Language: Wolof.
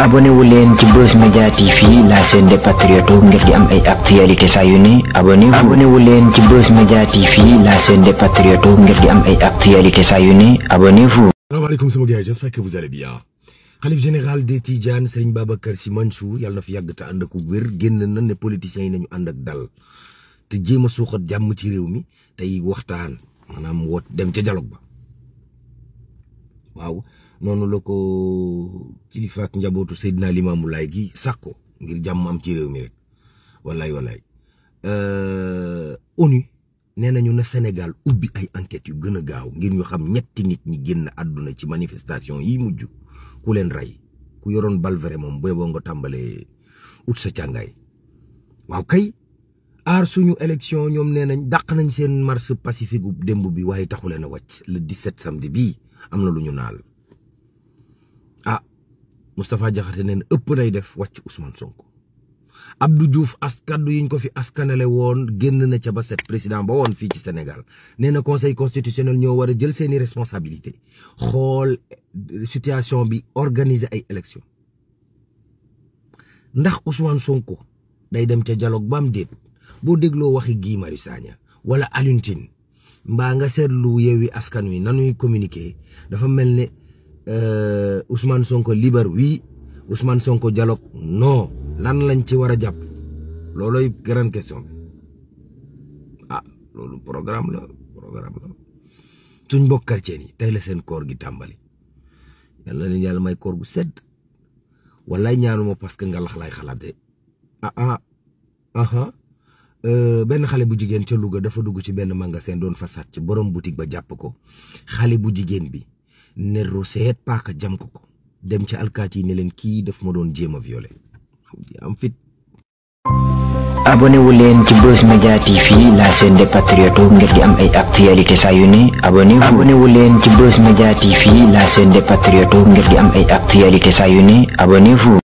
abonné wu leen ci Buzz Media TV la chaîne des patriotes ngir di am ay actualité saa yu ne abonné leen ci Buzz Media TV la chaîne des patriotes ngir di am ay actualité saa yu ne abonnez-vous. salaamaaleykum sama gars j'espère que vous allez bien. xalif général des Tidiane Serigne yàlla fi yàgg te ànd ak wér génn na ne politiciens yi nañu ànd ak dal te jéem a suuxat jàmm ci réew mi tey waxtaan maanaam wot dem ca dialogue ba waaw noonu la ko. kilifa ak njabootu Seydina Limaamu Laay gi sàkko ngir jàmm ci réew mi rek wallaay wallaay euh, ONU nee nañu na Sénégal ubbi ay enquêtes yu gën a gaaw ngir ñu xam ñetti nit ñi génn àdduna ci manifestation yi mujj ku leen rey ku yoroon balvere moom booy boo nga ut sa càngaay waaw kay aar suñu élection ñoom nee nañ dàq nañ seen marche pacifique bu démb bi waaye taxu leen a wàcc le 17 samedi bii am na lu ñu naal ah, Moustapha Diakhaté neen ëpp day def wàcc Ousmane Sonko Abdou juuf as kaddu yi ñu ko fi askanale woon génn na ca ba set président ba woon fii ci Sénégal nee na conseil constitutionnel ñoo war a jël seeni responsabilité xool euh, situation bi organiser ay élection ndax usman Sonko day dem ca jaloog ba am déet boo dégloo waxi Guy Marius Sagna wala Alioune mbaa nga seetlu yeewi askan wi nanuy communiquer dafa mel ne Euh, Ousmane Sonko libre oui Ousmane Sonko dialogue non lan lañ ci war a jàpp loolooy grande question bi ah loolu programme la programme la suñ mbokk quartier yi tey la seen koor gi tàmbali yàlla leen yàlla may koor gu sedd wallaay ñaanuma parce que nga lax laay xalaatee a ah, ah, ah, ah. Euh, benn xale bu jigéen ca Louga dafa dugg ci benn magasin doon fasaat ci borom boutique ba jàpp ko xale bu jigéen bi. nerro seet paaka jam ko ko dem ci alkaati yi ne leen kii daf ma doon jéem a violer am fit abonné wu leen ci Buzz Media TV la chaîne des patriotes ngir di am ay actualité saa yu ne abonné wu. abonné wu leen ci Buzz Media TV la chaîne des patriotes ngir di am ay actualité saa yu ne abonné